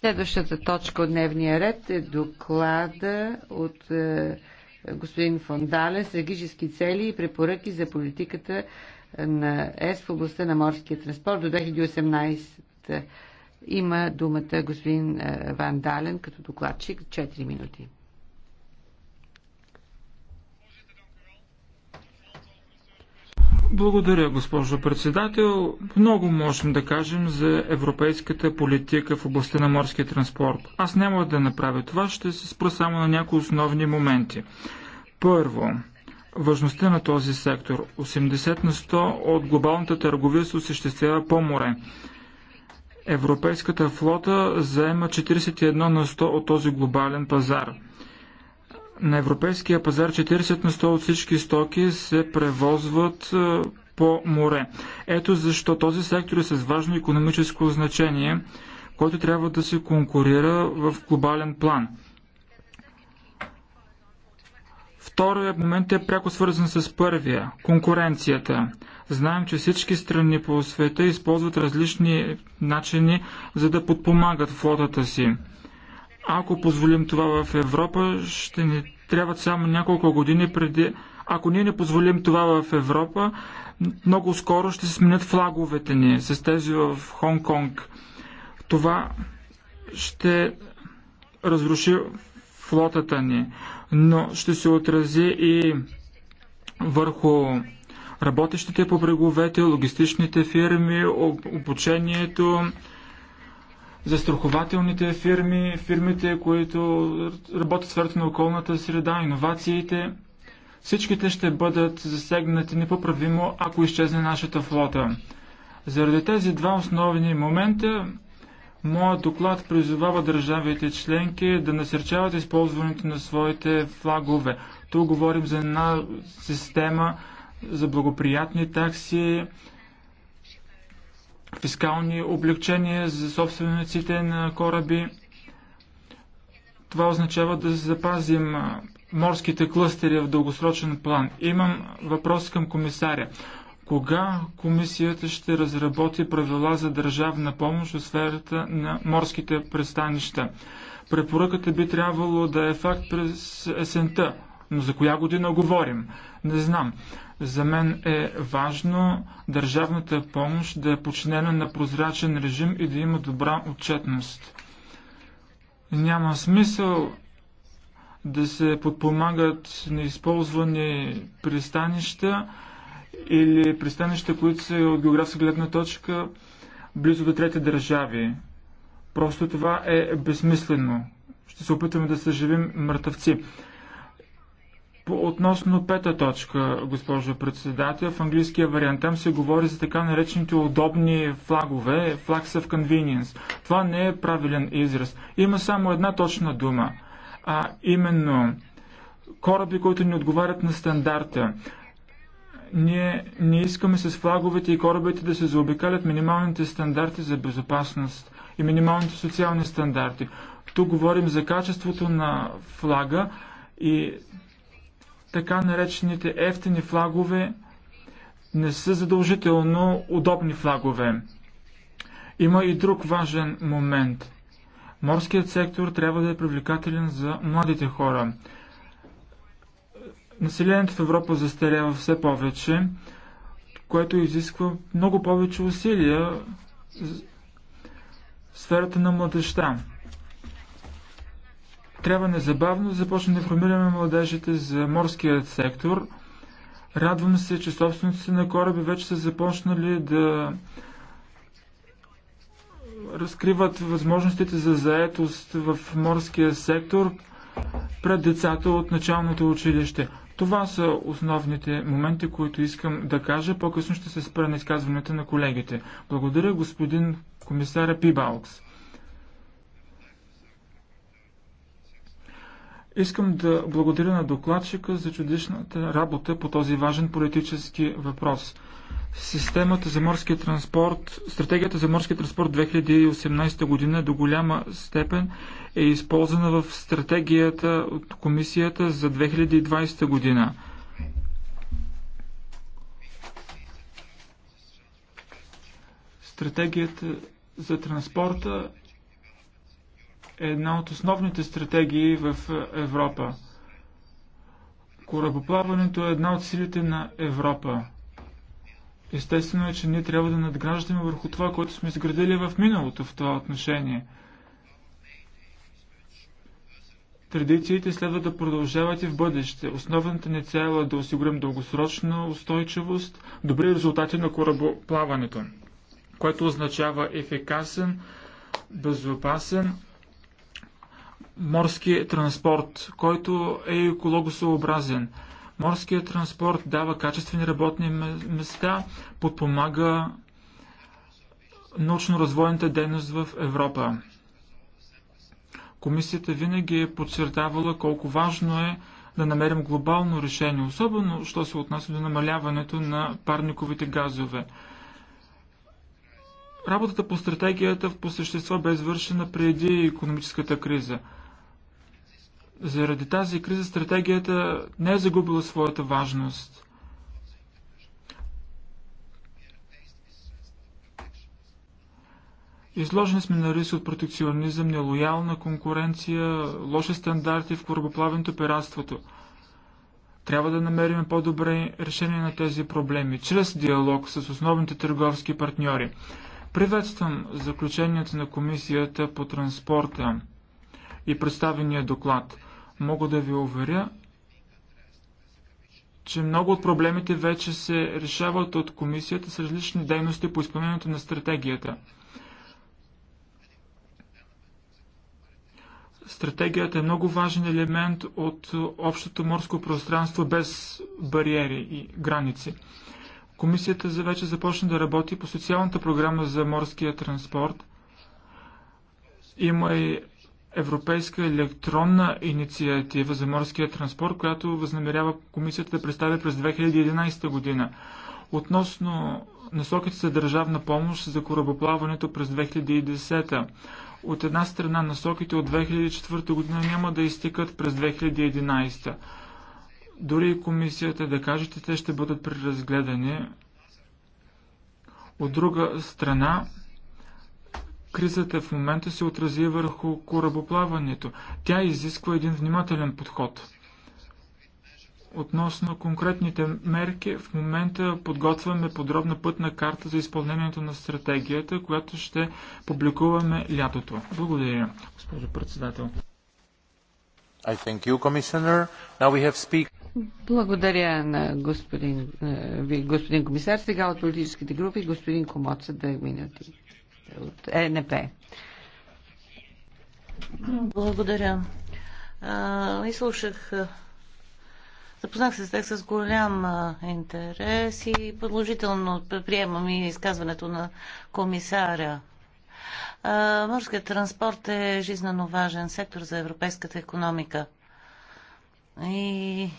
Следващата точка от дневния ред е доклада от е, господин Фондале стратегически цели и препоръки за политиката е, на ЕС в областта на морския транспорт до 2018 има думата господин е, Ван Дален като докладчик 4 минути. Благодаря, госпожо председател. Много можем да кажем за европейската политика в областта на морския транспорт. Аз няма да направя това, ще се спра само на някои основни моменти. Първо, важността на този сектор. 80 на 100 от глобалната търговия се осъществява по море. Европейската флота заема 41 на 100 от този глобален пазар – на европейския пазар 40 на 100 от всички стоки се превозват е, по море. Ето защо този сектор е с важно економическо значение, който трябва да се конкурира в глобален план. Вторият момент е пряко свързан с първия – конкуренцията. Знаем, че всички страни по света използват различни начини, за да подпомагат флотата си. Ако позволим това в Европа, ще ни трябват само няколко години преди. Ако ние не позволим това в Европа, много скоро ще се сменят флаговете ни с тези в Хонг-Конг. Това ще разруши флотата ни, но ще се отрази и върху работещите по бреговете, логистичните фирми, обучението, застрахователните фирми, фирмите, които работят в сферата на околната среда, иновациите. Всичките ще бъдат засегнати непоправимо, ако изчезне нашата флота. Заради тези два основни момента, моят доклад призовава държавите членки да насърчават използването на своите флагове. Тук говорим за една система за благоприятни такси, фискални облегчения за собствениците на кораби. Това означава да запазим морските клъстери в дългосрочен план. Имам въпрос към комисаря. Кога комисията ще разработи правила за държавна помощ в сферата на морските пристанища? Препоръката би трябвало да е факт през есента, но за коя година говорим? Не знам. За мен е важно държавната помощ да е починена на прозрачен режим и да има добра отчетност. Няма смисъл да се подпомагат неизползвани пристанища или пристанища, които са от географска гледна точка близо до трети държави. Просто това е безсмислено. Ще се опитаме да съживим мъртъвци. Относно пета точка, госпожо председател, в английския вариант там се говори за така наречените удобни флагове, flags of convenience. Това не е правилен израз. Има само една точна дума, а именно кораби, които не отговарят на стандарта. Ние не искаме с флаговете и корабите да се заобикалят минималните стандарти за безопасност и минималните социални стандарти. Тук говорим за качеството на флага и така наречените ефтини флагове не са задължително удобни флагове. Има и друг важен момент. Морският сектор трябва да е привлекателен за младите хора. Населението в Европа застарява все повече, което изисква много повече усилия в сферата на младеща. Трябва незабавно да започне да формираме младежите за морския сектор. Радвам се, че собствениците на кораби вече са започнали да разкриват възможностите за заетост в морския сектор пред децата от началното училище. Това са основните моменти, които искам да кажа. По-късно ще се спра на изказването на колегите. Благодаря господин комисар Пибалкс. Искам да благодаря на докладчика за чудесната работа по този важен политически въпрос. Системата за морски транспорт, стратегията за морски транспорт 2018 година до голяма степен е използвана в стратегията от комисията за 2020 година. Стратегията за транспорта една от основните стратегии в Европа. Корабоплаването е една от силите на Европа. Естествено е, че ние трябва да надграждаме върху това, което сме изградили в миналото в това отношение. Традициите следва да продължават и в бъдеще. Основната ни цел е да осигурим дългосрочна устойчивост, добри резултати на корабоплаването, което означава ефикасен, безопасен морски транспорт, който е екологосообразен. Морският транспорт дава качествени работни места, подпомага научно-развойната дейност в Европа. Комисията винаги е подчертавала колко важно е да намерим глобално решение, особено що се отнася до намаляването на парниковите газове. Работата по стратегията в посещество бе извършена преди економическата криза – заради тази криза стратегията не е загубила своята важност. Изложени сме на риск от протекционизъм, нелоялна конкуренция, лоши стандарти в корабоплаването пиратството. Трябва да намерим по-добре решение на тези проблеми, чрез диалог с основните търговски партньори. Приветствам заключението на Комисията по транспорта и представения доклад. Мога да ви уверя, че много от проблемите вече се решават от комисията с различни дейности по изпълнението на стратегията. Стратегията е много важен елемент от общото морско пространство без бариери и граници. Комисията за вече започна да работи по социалната програма за морския транспорт. Има и европейска електронна инициатива за морския транспорт, която възнамерява комисията да представи през 2011 година. Относно насоките за държавна помощ за корабоплаването през 2010 от една страна насоките от 2004 година няма да изтикат през 2011. Дори и комисията да каже, че те ще бъдат преразгледани. От друга страна, Кризата в момента се отрази върху корабоплаването. Тя изисква един внимателен подход. Относно конкретните мерки, в момента подготвяме подробна пътна карта за изпълнението на стратегията, която ще публикуваме лятото. Благодаря, госпожо председател. You, Благодаря на господин, господин комисар. Сега от политическите групи господин Комоца, да две минути от ЕНП. Благодаря. А, слушах. Запознах се с текст с голям интерес и подложително приемам и изказването на комисаря. Морският транспорт е жизненно важен сектор за европейската економика. И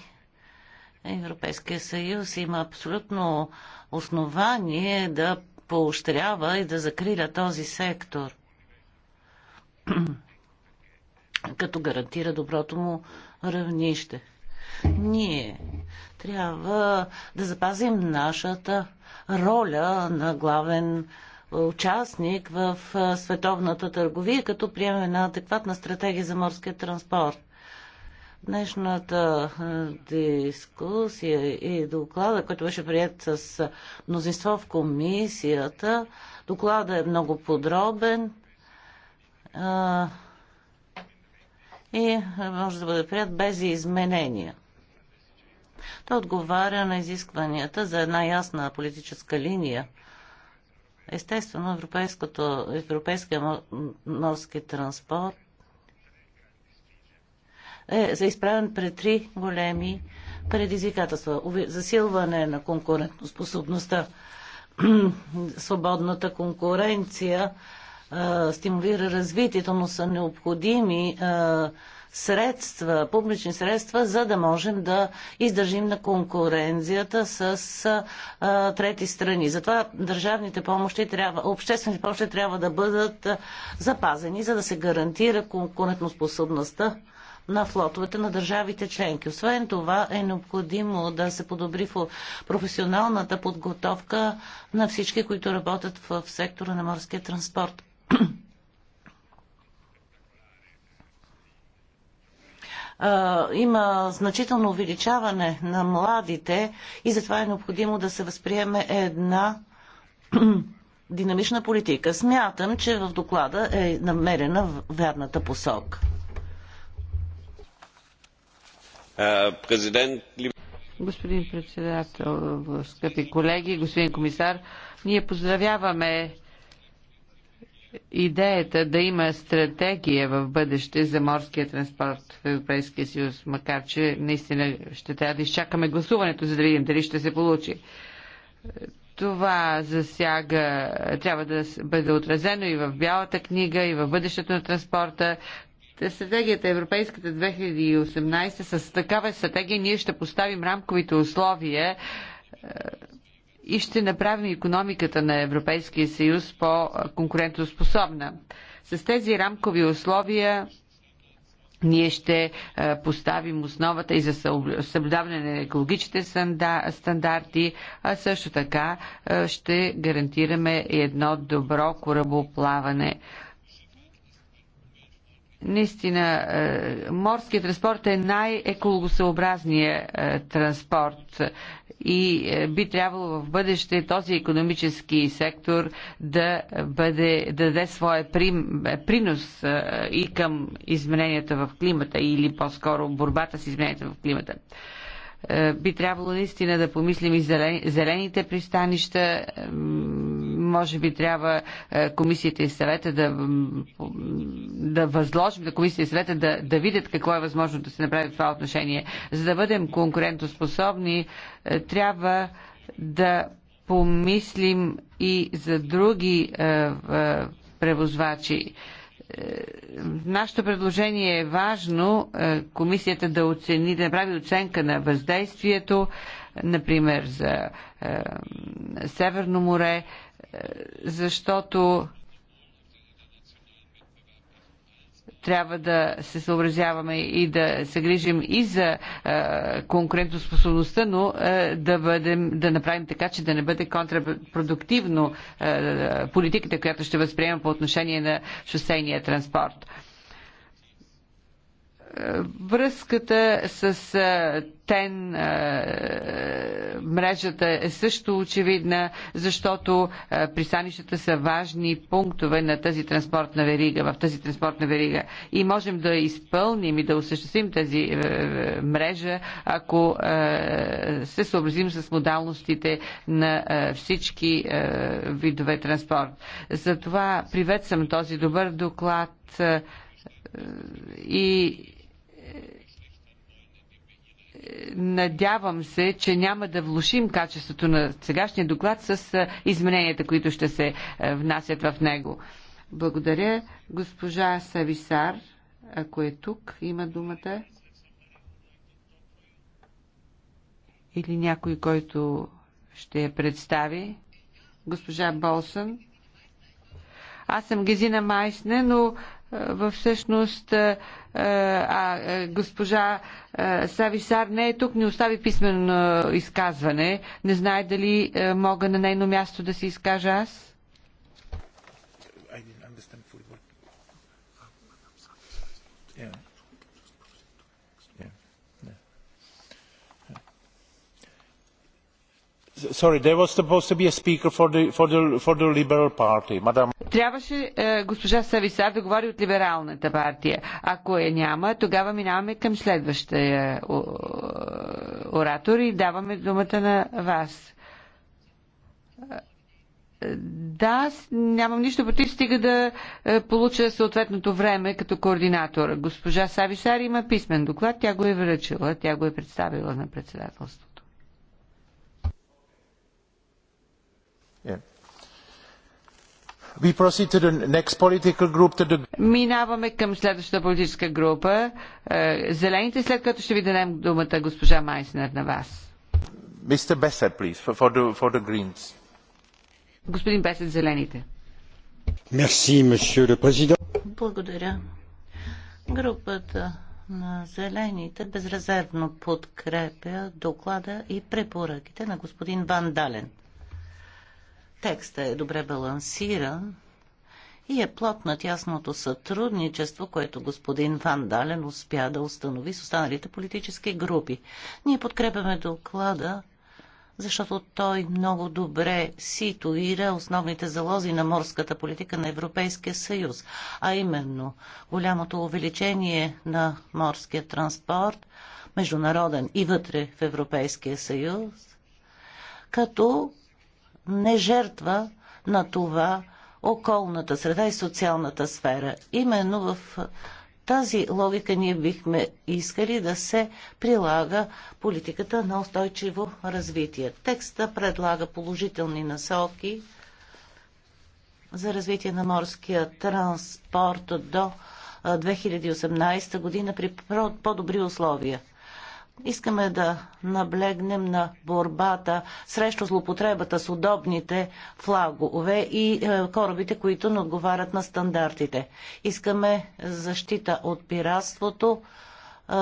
Европейския съюз има абсолютно основание да поощрява и да закриля този сектор, като гарантира доброто му равнище. Ние трябва да запазим нашата роля на главен участник в световната търговия, като приемем една адекватна стратегия за морския транспорт. Днешната дискусия и доклада, който беше прият с мнозинство в комисията, доклада е много подробен а, и може да бъде прият без изменения. Той отговаря на изискванията за една ясна политическа линия. Естествено, европейския морски транспорт е изправен пред три големи предизвикателства. Засилване на конкурентоспособността, свободната конкуренция, стимулира развитието, но са необходими средства, публични средства, за да можем да издържим на конкуренцията с а, трети страни. Затова държавните помощи трябва, обществените помощи трябва да бъдат запазени, за да се гарантира конкурентоспособността на флотовете на държавите членки. Освен това е необходимо да се подобри професионалната подготовка на всички, които работят в сектора на морския транспорт. има значително увеличаване на младите и затова е необходимо да се възприеме една динамична политика. Смятам, че в доклада е намерена вярната посока. Е, господин председател, скъпи колеги, господин комисар, ние поздравяваме идеята да има стратегия в бъдеще за морския транспорт в Европейския съюз, макар че наистина ще трябва да изчакаме гласуването, за да видим дали ще се получи. Това засяга, трябва да бъде отразено и в Бялата книга, и в бъдещето на транспорта. Стратегията Европейската 2018 с такава стратегия ние ще поставим рамковите условия е, и ще направим економиката на Европейския съюз по-конкурентоспособна. С тези рамкови условия ние ще е, поставим основата и за съблюдаване на екологичните стандарти, а също така е, ще гарантираме едно добро корабоплаване. Наистина, е, морският транспорт е най-екологосъобразният е, транспорт и е, би трябвало в бъдеще този економически сектор да, бъде, да даде своя принос и към измененията в климата или по-скоро борбата с измененията в климата би трябвало наистина да помислим и зелените пристанища, може би трябва е, комисията и съвета да, да възложим на комисията и съвета да, да видят какво е възможно да се направи в това отношение. За да бъдем конкурентоспособни, е, трябва да помислим и за други е, превозвачи. Нашето предложение е важно комисията да оцени, да направи оценка на въздействието, например за Северно море, защото трябва да се съобразяваме и да се грижим и за е, конкурентоспособността, но е, да, бъдем, да направим така, че да не бъде контрапродуктивно е, политиката, която ще възприема по отношение на шосейния транспорт. Връзката с ТЕН мрежата е също очевидна, защото пристанищата са важни пунктове на тази транспортна верига, в тази транспортна верига. И можем да изпълним и да осъществим тази мрежа, ако се съобразим с модалностите на всички видове транспорт. Затова приветствам този добър доклад и надявам се, че няма да влушим качеството на сегашния доклад с измененията, които ще се внасят в него. Благодаря. Госпожа Сависар, ако е тук, има думата. Или някой, който ще я представи. Госпожа Болсън. Аз съм Гезина Майсне, но е, всъщност е, е, а, а, госпожа а, Сависар не е тук, не остави писмено изказване. Не знае дали мога на нейно място да се изкажа аз. Трябваше е, госпожа Сависа да говори от Либералната партия. Ако я няма, тогава минаваме към следващия е, е, оратор и даваме думата на вас. Да, нямам нищо против, стига да получа съответното време като координатор. Госпожа Сависар има писмен доклад, тя го е връчила, тя го е представила на председателство. Минаваме към следващата политическа група. Е, зелените, след като ще ви дадем думата госпожа Майснер на вас. Besser, please, for the, for the Господин Бесет, зелените. Merci, Благодаря. Групата на зелените безрезервно подкрепя доклада и препоръките на господин Ван Дален. Текста е добре балансиран и е плод на тясното сътрудничество, което господин Ван Дален успя да установи с останалите политически групи. Ние подкрепяме доклада, защото той много добре ситуира основните залози на морската политика на Европейския съюз, а именно голямото увеличение на морския транспорт, международен и вътре в Европейския съюз, като не жертва на това околната среда и социалната сфера. Именно в тази логика ние бихме искали да се прилага политиката на устойчиво развитие. Текста предлага положителни насоки за развитие на морския транспорт до 2018 година при по-добри условия. Искаме да наблегнем на борбата срещу злопотребата с удобните флагове и е, корабите, които не отговарят на стандартите. Искаме защита от пиратството. Е,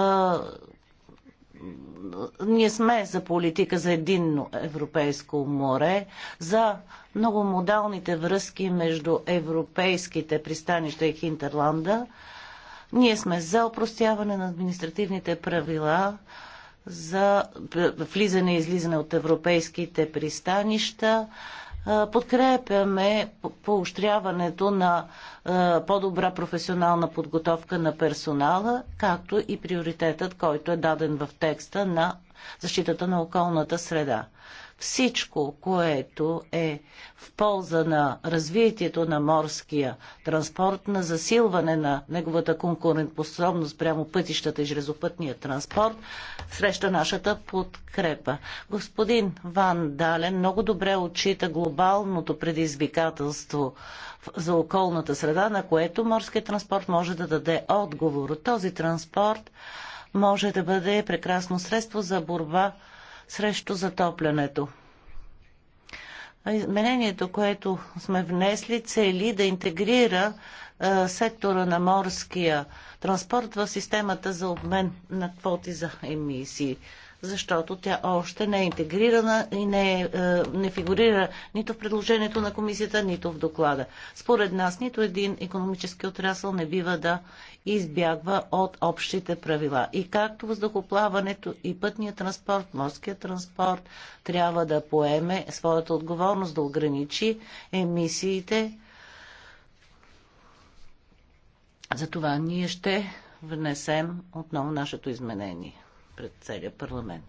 ние сме за политика за единно европейско море, за многомодалните връзки между европейските пристанища и Хинтерланда. Ние сме за опростяване на административните правила за влизане и излизане от европейските пристанища. Подкрепяме поощряването на по-добра професионална подготовка на персонала, както и приоритетът, който е даден в текста на защитата на околната среда. Всичко, което е в полза на развитието на морския транспорт, на засилване на неговата конкурентоспособност прямо пътищата и железопътния транспорт, среща нашата подкрепа. Господин Ван Дален много добре отчита глобалното предизвикателство за околната среда, на което морският транспорт може да даде отговор. Този транспорт може да бъде прекрасно средство за борба срещу затоплянето. Изменението, което сме внесли, цели да интегрира е, сектора на морския транспорт в системата за обмен на квоти за емисии защото тя още не е интегрирана и не, е, е, не фигурира нито в предложението на комисията, нито в доклада. Според нас нито един економически отрасъл не бива да избягва от общите правила. И както въздухоплаването и пътния транспорт, морския транспорт трябва да поеме своята отговорност да ограничи емисиите, затова ние ще внесем отново нашето изменение пред целия парламент.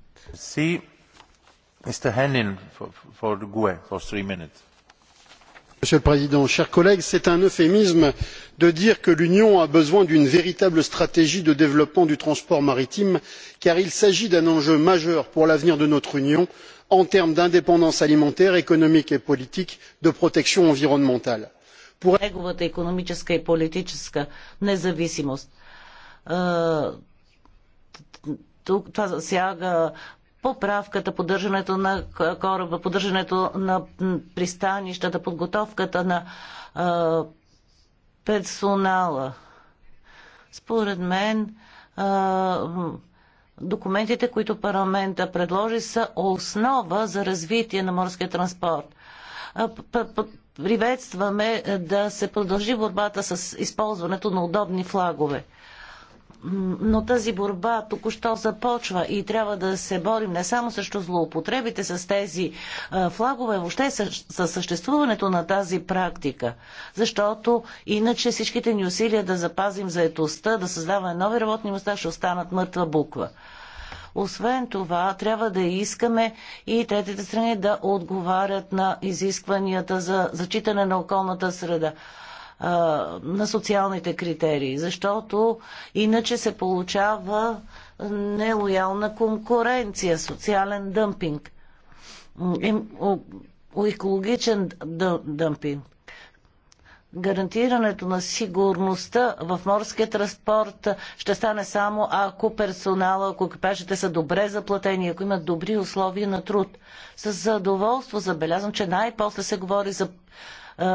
Monsieur le Président, chers collègues, c'est un euphémisme de dire que l'Union a besoin d'une véritable stratégie de développement du transport maritime, car il s'agit d'un enjeu majeur pour l'avenir de notre Union en termes d'indépendance alimentaire, économique et politique, de protection environnementale неговата тук това засяга поправката, поддържането на кораба, поддържането на пристанищата, подготовката на а, персонала. Според мен а, документите, които парламента предложи, са основа за развитие на морския транспорт. А, приветстваме е, да се продължи борбата с използването на удобни флагове но тази борба току-що започва и трябва да се борим не само срещу злоупотребите с тези флагове, въобще с съществуването на тази практика. Защото иначе всичките ни усилия да запазим заетостта, да създаваме нови работни места, ще останат мъртва буква. Освен това, трябва да искаме и третите страни да отговарят на изискванията за зачитане на околната среда на социалните критерии, защото иначе се получава нелоялна конкуренция, социален дъмпинг, екологичен дъмпинг. Гарантирането на сигурността в морския транспорт ще стане само ако персонала, ако екипажите са добре заплатени, ако имат добри условия на труд. С задоволство забелязвам, че най-после се говори за е,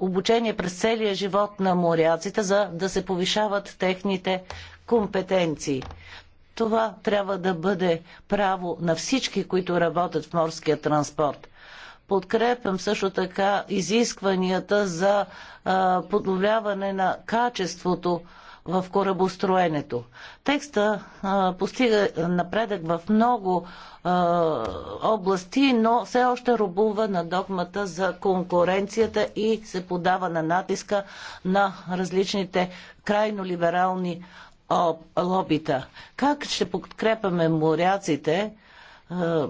обучение през целия живот на моряците, за да се повишават техните компетенции. Това трябва да бъде право на всички, които работят в морския транспорт. Подкрепям също така изискванията за е, подновляване на качеството в корабостроенето. Текста а, постига напредък в много а, области, но все още рубува на догмата за конкуренцията и се подава на натиска на различните крайно либерални лобита. Как ще подкрепяме моряците? А,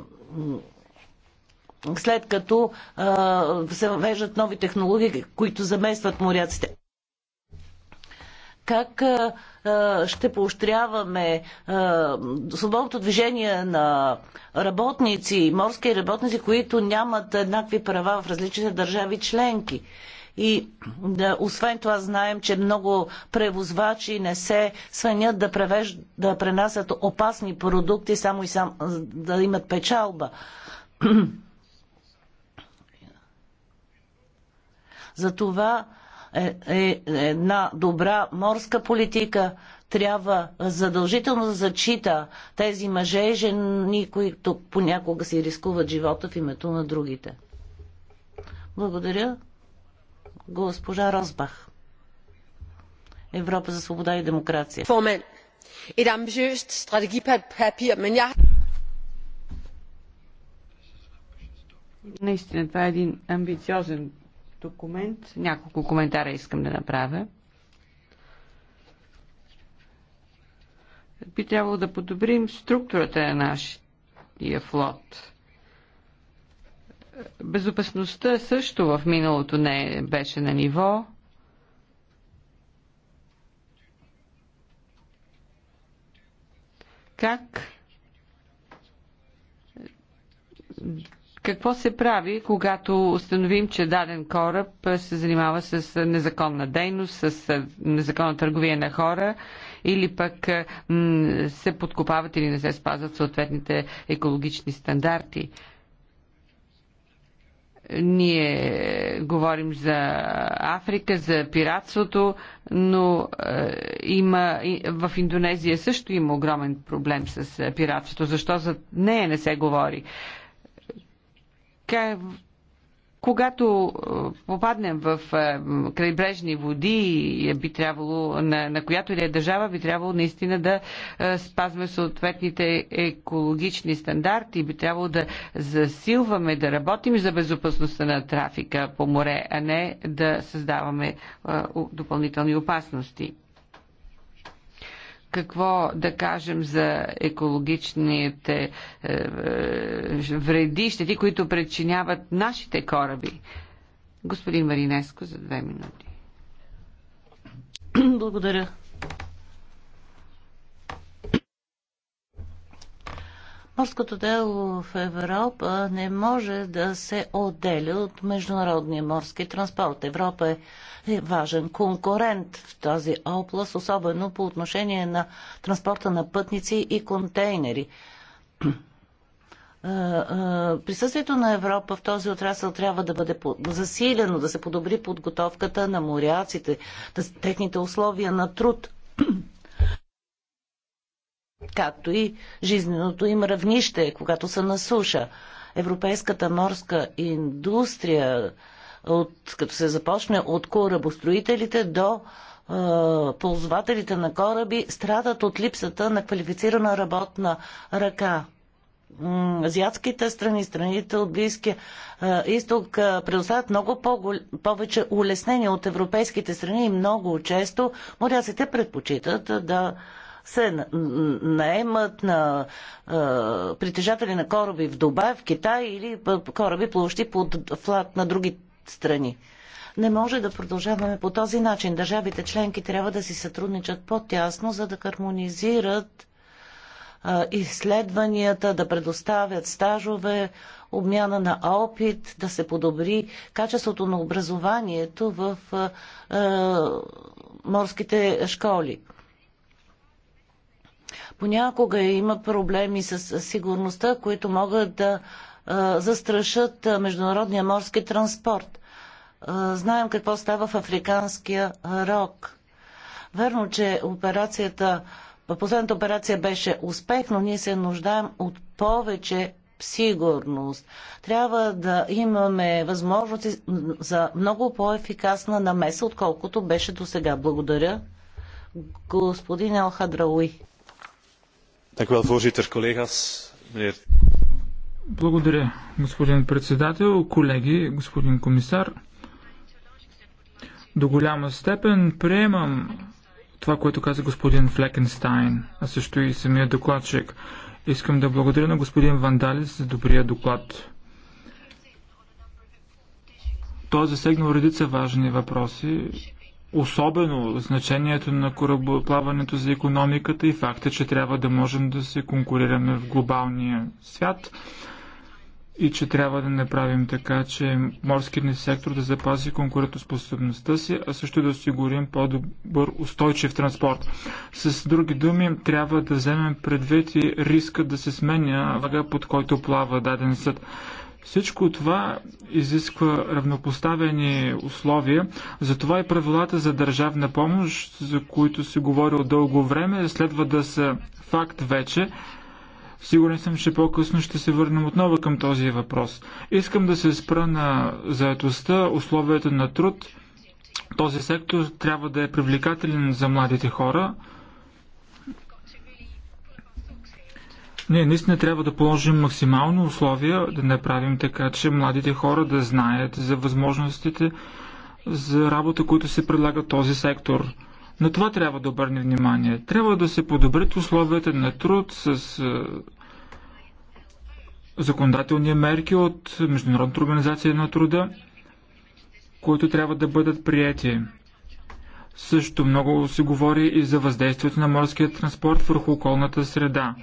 след като а, се въвеждат нови технологии, които заместват моряците как ще поощряваме свободното движение на работници, морски работници, които нямат еднакви права в различните държави членки. И да, освен това знаем, че много превозвачи не се свенят да, превеж, да пренасят опасни продукти, само и сам, да имат печалба. Затова е, е една добра морска политика трябва задължително да зачита тези мъже и жени, които понякога си рискуват живота в името на другите. Благодаря. Госпожа Розбах. Европа за свобода и демокрация. Формен. Et ambitiøst strategipapir, men jeg... Наистина, това е един амбициозен документ. Няколко коментара искам да направя. Би трябвало да подобрим структурата на нашия флот. Безопасността също в миналото не беше на ниво. Как какво се прави, когато установим, че даден кораб се занимава с незаконна дейност, с незаконна търговия на хора или пък се подкопават или не се спазват съответните екологични стандарти? ние говорим за Африка, за пиратството, но е, има, в Индонезия също има огромен проблем с пиратството. Защо за нея не се говори? когато е, попаднем в е, крайбрежни води, е, би трябвало, на, на която и да е държава, би трябвало наистина да спазваме съответните екологични стандарти, би трябвало да засилваме, да работим за безопасността на трафика по море, а не да създаваме допълнителни опасности какво да кажем за екологичните е, е, вреди, щети, които причиняват нашите кораби. Господин Маринеско за две минути. Благодаря. Морското дело в Европа не може да се отделя от международния морски транспорт. Европа е, е важен конкурент в тази област, особено по отношение на транспорта на пътници и контейнери. Е, е, присъствието на Европа в този отрасъл трябва да бъде засилено, да се подобри подготовката на моряците, техните условия на труд както и жизненото им равнище, когато са на суша. Европейската морска индустрия, от, като се започне от корабостроителите до ползвателите на кораби страдат от липсата на квалифицирана работна ръка. Азиатските страни, страните от Близкия изток предоставят много повече улеснения от европейските страни и много често моряците предпочитат да се наемат на а, притежатели на кораби в Дубай, в Китай или кораби плуващи под флаг на други страни. Не може да продължаваме по този начин. Държавите членки трябва да си сътрудничат по-тясно, за да хармонизират изследванията, да предоставят стажове, обмяна на опит, да се подобри качеството на образованието в а, морските школи. Понякога има проблеми с сигурността, които могат да застрашат международния морски транспорт. Знаем какво става в Африканския рок. Верно, че операцията, последната операция беше успех, но ние се нуждаем от повече сигурност. Трябва да имаме възможности за много по-ефикасна намеса, отколкото беше до сега. Благодаря, господин Алхадрауи voorzitter, collega's, meneer. Благодаря, господин председател, колеги, господин комисар. До голяма степен приемам това, което каза господин Флекенстайн, а също и самия докладчик. Искам да благодаря на господин Вандалис за добрия доклад. Той е засегнал редица важни въпроси, особено значението на корабоплаването за економиката и факта, че трябва да можем да се конкурираме в глобалния свят и че трябва да направим така, че морският ни сектор да запази конкурентоспособността си, а също да осигурим по-добър устойчив транспорт. С други думи, трябва да вземем предвид и риска да се сменя вага, под който плава даден съд. Всичко това изисква равнопоставени условия, затова и правилата за държавна помощ, за които се говори от дълго време, следва да са факт вече. Сигурен съм, че по-късно ще се върнем отново към този въпрос. Искам да се спра на заетостта, условията на труд. Този сектор трябва да е привлекателен за младите хора. Ние наистина трябва да положим максимални условия, да направим така, че младите хора да знаят за възможностите за работа, които се предлага този сектор. На това трябва да обърне внимание. Трябва да се подобрят условията на труд с е, законодателни мерки от Международната организация на труда, които трябва да бъдат прияти. Също много се говори и за въздействието на морския транспорт върху околната среда.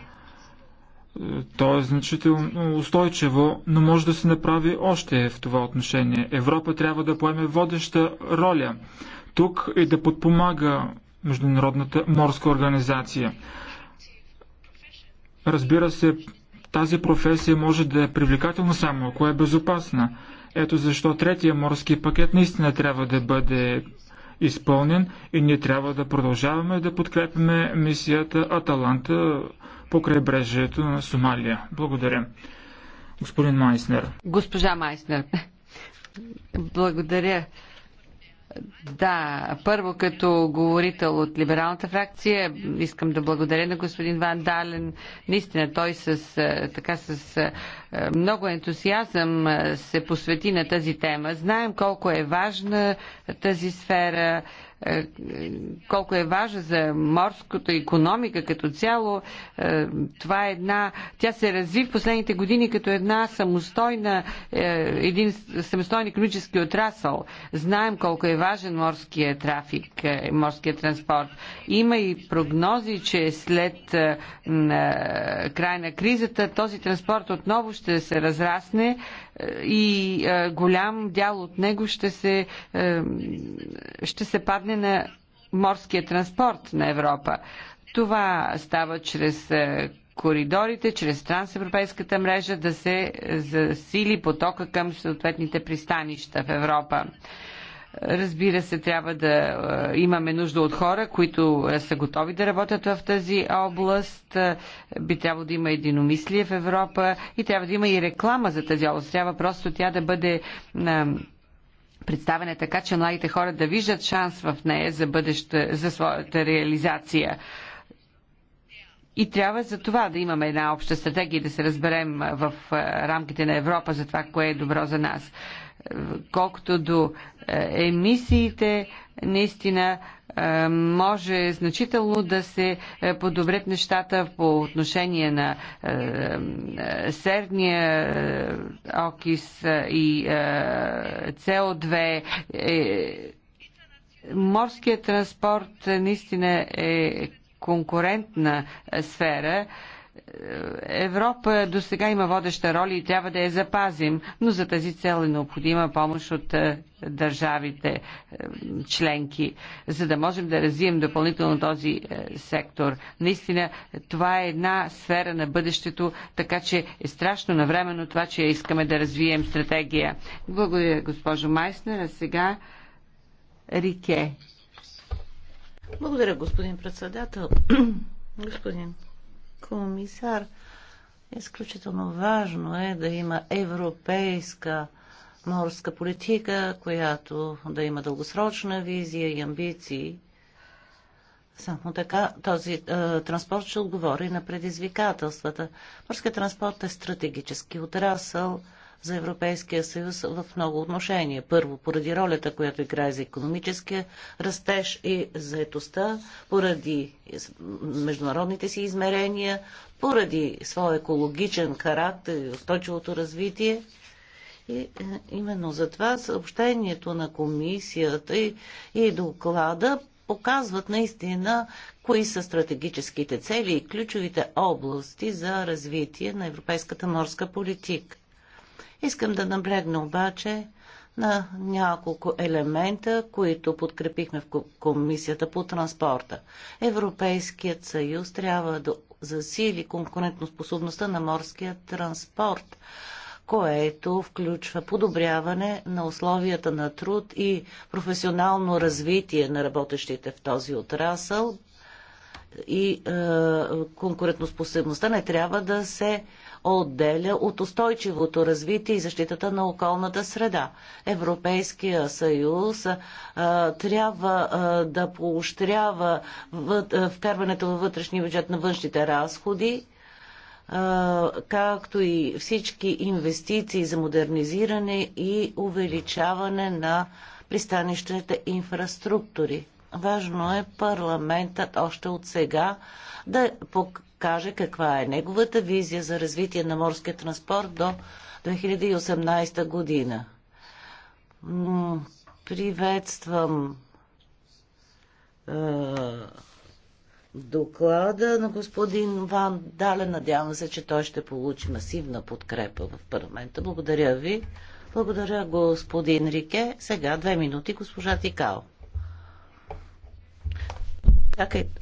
То е значително устойчиво, но може да се направи още в това отношение. Европа трябва да поеме водеща роля тук и да подпомага Международната морска организация. Разбира се, тази професия може да е привлекателна само ако е безопасна. Ето защо третия морски пакет наистина трябва да бъде изпълнен и ние трябва да продължаваме да подкрепяме мисията Аталанта по крайбрежието на Сомалия. Благодаря. Господин Майснер. Госпожа Майснер. Благодаря. Да, първо като говорител от либералната фракция искам да благодаря на господин Ван Дален. Наистина той с, така, с много ентусиазъм се посвети на тази тема. Знаем колко е важна тази сфера е, колко е важна за морската економика като цяло. Е, това е една... Тя се разви в последните години като една самостойна, е, един самостойен економически отрасъл. Знаем колко е важен морския трафик, морския транспорт. Има и прогнози, че след край на кризата този транспорт отново ще се разрасне и е, голям дял от него ще се, е, ще се падне на морския транспорт на Европа. Това става чрез е, коридорите, чрез трансевропейската мрежа да се засили потока към съответните пристанища в Европа. Разбира се, трябва да е, имаме нужда от хора, които е, са готови да работят в тази област. Е, би трябвало да има единомислие в Европа и трябва да има и реклама за тази област. Трябва просто тя да бъде представена така, че младите хора да виждат шанс в нея за, бъдеще, за своята реализация. И трябва за това да имаме една обща стратегия и да се разберем в рамките на Европа за това, кое е добро за нас. Колкото до е, емисиите, наистина е, може значително да се е, подобрят нещата по отношение на серния окис и СО2 морският транспорт наистина е конкурентна сфера. Европа до сега има водеща роля и трябва да я запазим, но за тази цел е необходима помощ от е, държавите е, членки, за да можем да развием допълнително този е, сектор. Наистина, това е една сфера на бъдещето, така че е страшно навременно това, че искаме да развием стратегия. Благодаря, госпожо Майснер. А сега Рике. Благодаря, господин председател. господин комисар, изключително важно е да има европейска морска политика, която да има дългосрочна визия и амбиции. Само така този е, транспорт ще отговори на предизвикателствата. Морският транспорт е стратегически отрасъл за Европейския съюз в много отношения. Първо, поради ролята, която играе за економическия растеж и заетостта, поради международните си измерения, поради своя екологичен характер и устойчивото развитие. И е, именно затова съобщението на комисията и, и доклада показват наистина кои са стратегическите цели и ключовите области за развитие на европейската морска политика. Искам да наблегна обаче на няколко елемента, които подкрепихме в Комисията по транспорта. Европейският съюз трябва да засили конкурентоспособността на морския транспорт, което включва подобряване на условията на труд и професионално развитие на работещите в този отрасъл и е, конкурентоспособността не трябва да се отделя от устойчивото развитие и защитата на околната среда. Европейския съюз а, трябва а, да поощрява вкарването във вътрешния бюджет на външните разходи, както и всички инвестиции за модернизиране и увеличаване на пристанищните инфраструктури. Важно е парламентът още от сега да покаже каква е неговата визия за развитие на морския транспорт до 2018 година. Приветствам е, доклада на господин Ван Дале. Надявам се, че той ще получи масивна подкрепа в парламента. Благодаря ви. Благодаря господин Рике. Сега две минути госпожа Тикао. Чакайте.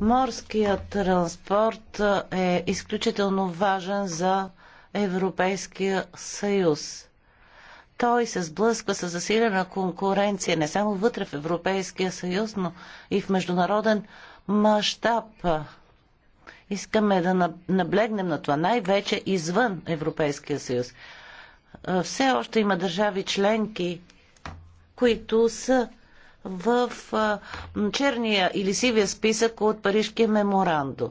Морският транспорт е, е изключително важен за Европейския съюз. Той се сблъсква с засилена конкуренция не само вътре в Европейския съюз, но и в международен мащаб. Искаме да наблегнем на това, най-вече извън Европейския съюз. Е, все още има държави членки, които са в черния или сивия списък от Парижкия меморандум.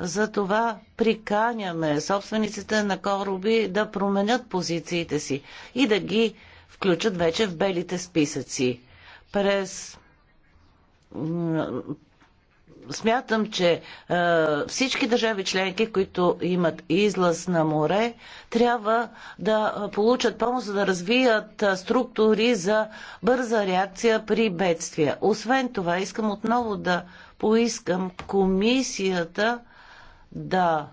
Затова приканяме собствениците на кораби да променят позициите си и да ги включат вече в белите списъци. През смятам, че е, всички държави членки, които имат излаз на море, трябва да е, получат помощ, за да развият е, структури за бърза реакция при бедствия. Освен това, искам отново да поискам комисията да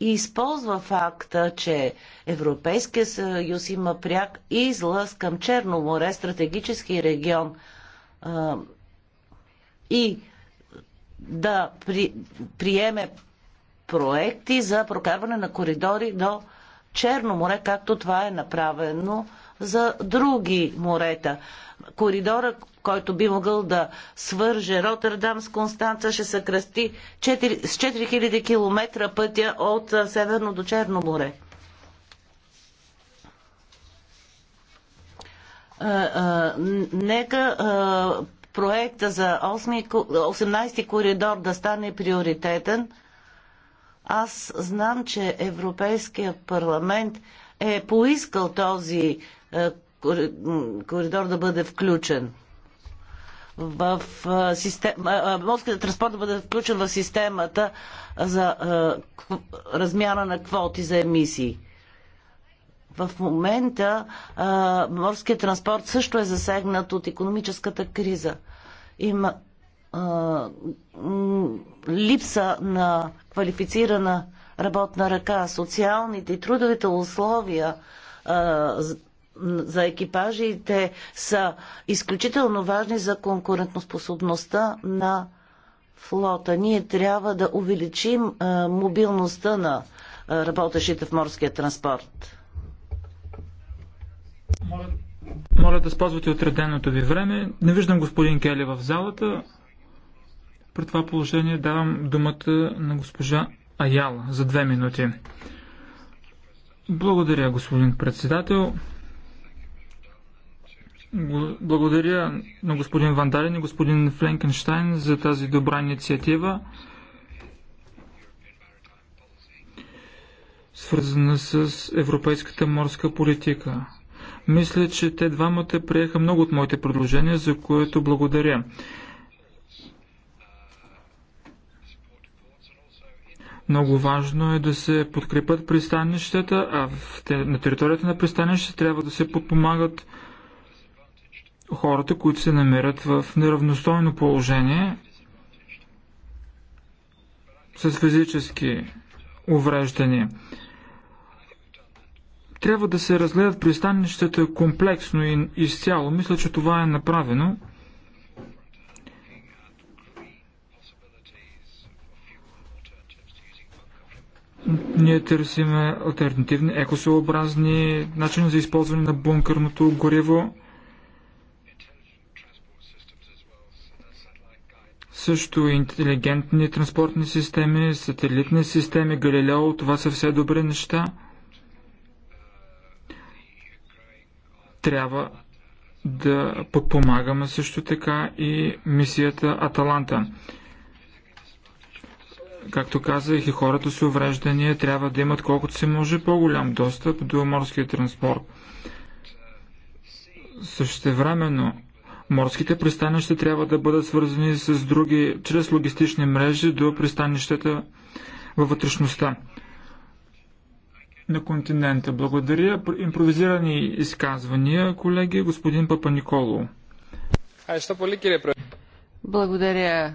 и използва факта, че Европейския съюз има пряк излъз към Черно море, стратегически регион. Е, и да при, приеме проекти за прокарване на коридори до Черно море, както това е направено за други морета. Коридора, който би могъл да свърже Роттердам с Констанца, ще се кръсти 4, с 4000 км пътя от Северно до Черно море. нека проекта за 18-ти коридор да стане приоритетен, аз знам, че Европейския парламент е поискал този е, коридор да бъде включен в е, система, е, морският транспорт да бъде включен в системата за размяна на квоти за емисии. В момента а, морският транспорт също е засегнат от економическата криза. Има а, липса на квалифицирана работна ръка, социалните и трудовите условия а, за екипажите са изключително важни за конкурентоспособността на флота. Ние трябва да увеличим а, мобилността на а, работещите в морския транспорт. Моля, да спазвате отреденото ви време. Не виждам господин Кели в залата. При това положение давам думата на госпожа Аяла за две минути. Благодаря, господин председател. Благодаря на господин Вандален и господин Фленкенштайн за тази добра инициатива, свързана с европейската морска политика. Мисля, че те двамата приеха много от моите предложения, за което благодаря. Много важно е да се подкрепят пристанищата, а на територията на пристанищата трябва да се подпомагат хората, които се намират в неравностойно положение с физически увреждания. Трябва да се разгледат пристанищата комплексно и изцяло. Мисля, че това е направено. Ние търсиме альтернативни екосъобразни начини за използване на бункърното гориво. също интелигентни транспортни системи, сателитни системи, Галилео, това са все добри неща. Трябва да подпомагаме също така и мисията Аталанта. Както казах и хората с увреждания трябва да имат колкото се може по-голям достъп до морския транспорт. Същевременно морските пристанища трябва да бъдат свързани с други чрез логистични мрежи до пристанищата във вътрешността на континента. Благодаря. Импровизирани изказвания, колеги, господин Папа Николо. Благодаря,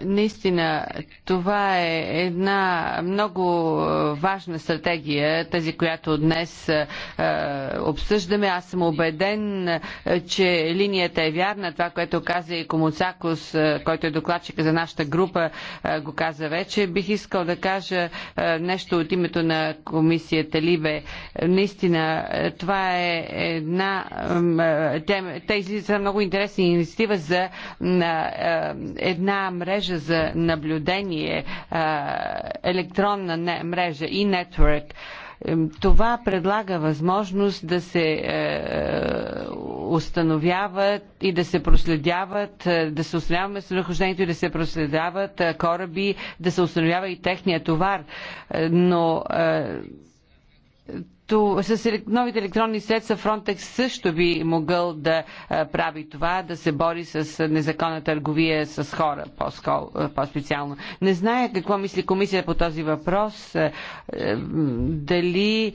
Наистина, това е една много е, важна стратегия, тази, която днес е, е обсъждаме. Аз съм убеден, е, че линията е вярна. Това, което каза и Комуцакос, който е докладчик за нашата група, е, го каза вече. Бих искал да кажа е, нещо от името на комисията Либе. Наистина, това е една... Е, те, те излизат много интересна инициатива за е, една мрежа мрежа за наблюдение, електронна мрежа и нетворк, това предлага възможност да се е, установяват и да се проследяват, е, да се установява местонахождението и да се проследяват е, кораби, да се установява и техния товар. Но като с новите електронни средства Frontex също би могъл да прави това, да се бори с незаконна търговия с хора по-специално. Не зная какво мисли комисията по този въпрос. Дали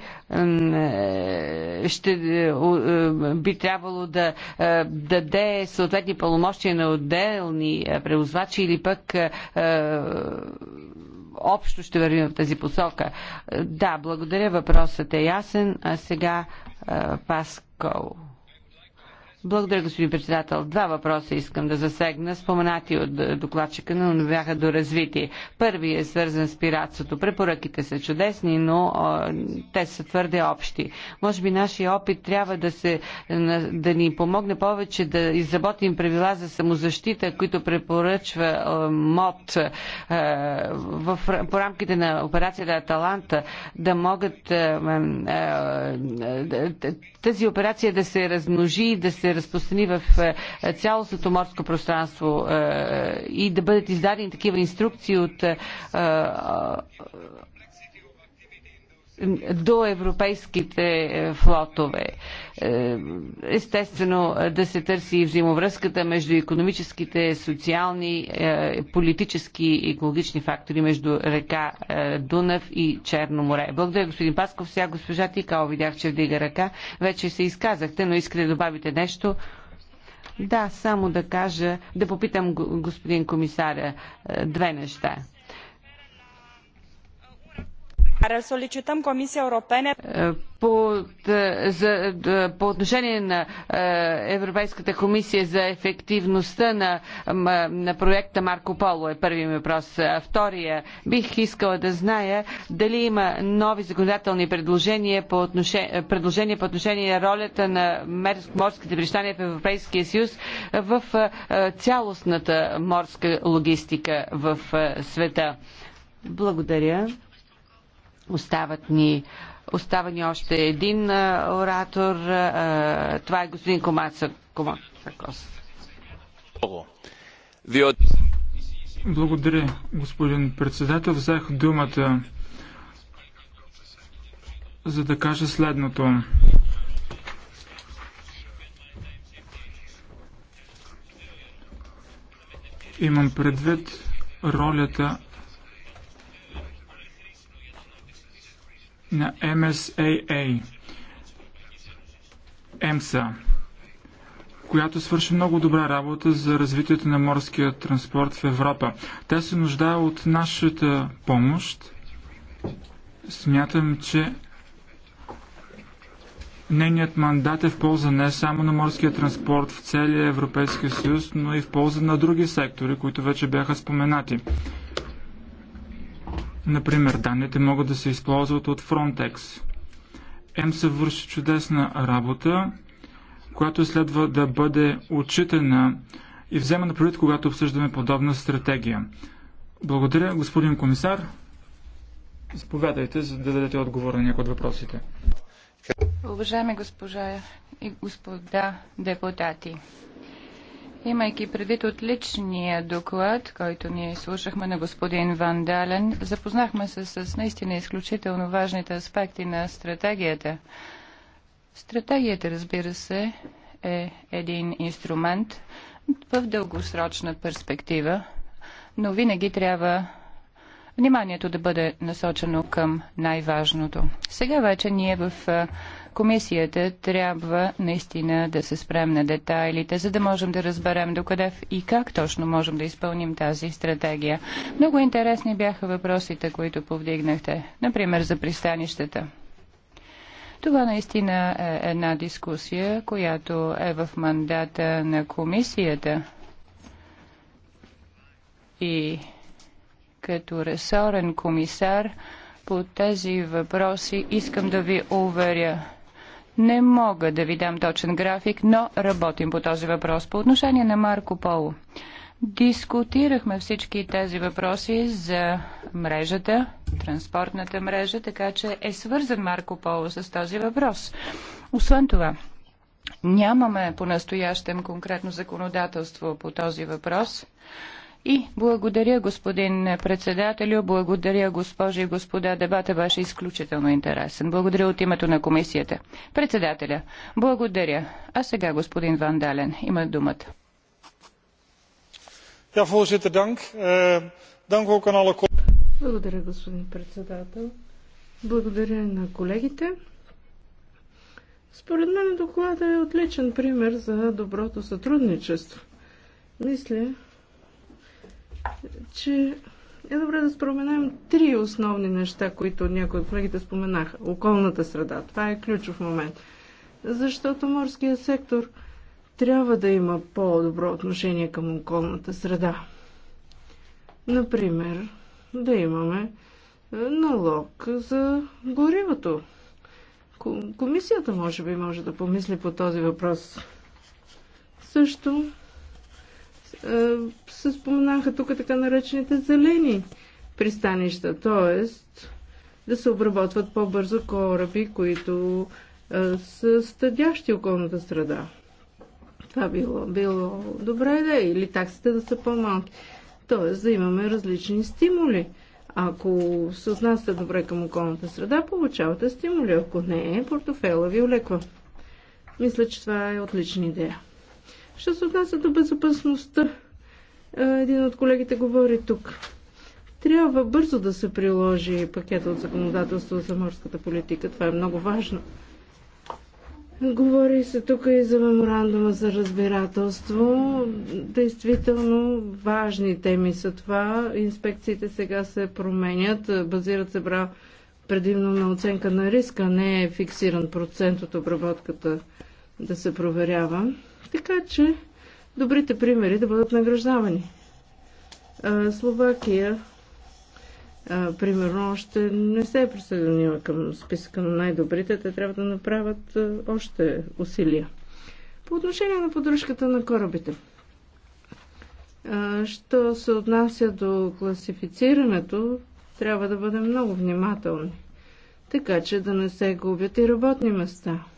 ще би трябвало да даде съответни пълномощия на отделни превозвачи или пък общо ще вървим в тази посока. Е, да, благодаря, въпросът е ясен. А сега е, Паскал. Благодаря, господин председател. Два въпроса искам да засегна, споменати от докладчика, но не бяха доразвити. Първи е свързан с пиратството. Препоръките са чудесни, но а, те са твърде общи. Може би нашия опит трябва да, се, да ни помогне повече да изработим правила за самозащита, които препоръчва а, МОД а, в, по рамките на операцията Аталанта, да могат а, а, тази операция да се размножи и да се разпространи в е, е, цялостното морско пространство е, и да бъдат издадени такива инструкции от до европейските е, флотове. Е, естествено е, да се търси и взаимовръзката между економическите, социални, политически и екологични фактори между река Дунав и Черно море. Благодаря, господин Пасков. Сега госпожа Тикао видях, че вдига ръка. Вече се изказахте, но искате да добавите нещо. Да, само да кажа, да попитам господин комисаря две неща solicităm Comisiei Europene е, по, за, по отношение на е, Европейската комисия за ефективността на, е, на проекта Марко Поло е първият ми въпрос. Втория, бих искала да зная дали има нови законодателни предложения по отношение, предложения по отношение на ролята на морските прищания в Европейския съюз в цялостната морска логистика в света. Благодаря. Остават ни Остава ни още един а, оратор. А, това е господин Комацакос. Комацакос. Благодаря, господин председател. Взех думата, за да кажа следното. Имам предвид ролята на MSAA, EMSA, която свърши много добра работа за развитието на морския транспорт в Европа. Тя се нуждае от нашата помощ. Смятам, че Нейният мандат е в полза не само на морския транспорт в целия Европейския съюз, но и в полза на други сектори, които вече бяха споменати. Например, данните могат да се използват от Frontex. ЕМСА върши чудесна работа, която следва да бъде отчитана и взема на предвид, когато обсъждаме подобна стратегия. Благодаря, господин комисар. Заповядайте, за да дадете отговор на някои от въпросите. Уважаеми госпожа и господа депутати, Имайки предвид отличния доклад, който ние слушахме на господин Ван Дален, запознахме се с наистина изключително важните аспекти на стратегията. Стратегията, разбира се, е един инструмент в дългосрочна перспектива, но винаги трябва вниманието да бъде насочено към най-важното. Сега вече ние в комисията трябва наистина да се спрем на детайлите, за да можем да разберем докъде и как точно можем да изпълним тази стратегия. Много интересни бяха въпросите, които повдигнахте, например за пристанищата. Това наистина е една дискусия, която е в мандата на комисията. И като ресорен комисар по тези въпроси, искам да ви уверя. Не мога да ви дам точен график, но работим по този въпрос. По отношение на Марко Поло. Дискутирахме всички тези въпроси за мрежата, транспортната мрежа, така че е свързан Марко Поло с този въпрос. Освен това, нямаме по-настоящем конкретно законодателство по този въпрос. И благодаря, господин председателю, благодаря, госпожи и господа. Дебата беше изключително интересен. Благодаря от името на комисията. Председателя, благодаря. А сега господин Ван Дален има думата. Eh, благодаря, господин председател. Благодаря на колегите. Според мен докладът е отличен пример за доброто сътрудничество. Мисля, че е добре да споменем три основни неща, които някои от колегите споменаха. Околната среда. Това е ключов момент. Защото морският сектор трябва да има по-добро отношение към околната среда. Например, да имаме е, налог за горивото. Комисията може би може да помисли по този въпрос. Също е, се споменаха тук така наречените зелени пристанища, т.е. да се обработват по-бързо кораби, които е, са стъдящи околната среда. Това било, било добра идея. Или таксите да са по-малки. Т.е. да имаме различни стимули. Ако се отнасяте добре към околната среда, получавате стимули. Ако не, портофела ви олеква. Мисля, че това е отлична идея. Ще се отнася до безопасността. Е, един от колегите говори тук. Трябва бързо да се приложи пакета от законодателство за морската политика. Това е много важно. Говори се тук и за меморандума за разбирателство. Действително важни теми са това. Инспекциите сега се променят, базират се бра предимно на оценка на риска, не е фиксиран процент от обработката да се проверява, така че добрите примери да бъдат награждавани. Словакия, примерно, още не се е присъединила към списъка на най-добрите. Те трябва да направят още усилия. По отношение на поддръжката на корабите. Що се отнася до класифицирането, трябва да бъдем много внимателни, така че да не се губят и работни места –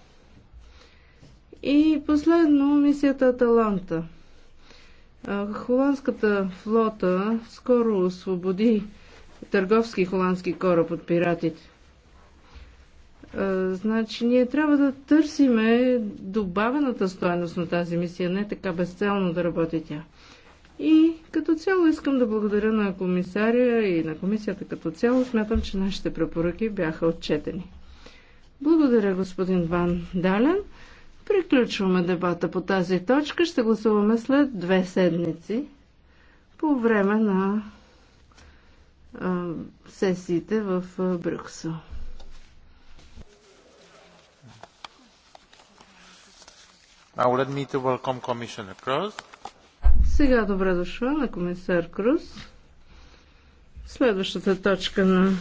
и последно, мисията Аталанта. Холандската флота скоро освободи търговски холандски кораб от пиратите. Значи ние трябва да търсиме добавената стоеност на тази мисия, не така безцелно да работи тя. И като цяло искам да благодаря на комисаря и на комисията като цяло. Смятам, че нашите препоръки бяха отчетени. Благодаря, господин Ван Дален. Приключваме дебата по тази точка. Ще гласуваме след две седмици по време на а, сесиите в Брюксел. Now let me to welcome Commissioner Cruz. Сега добре дошла на комисар Круз. Следващата точка на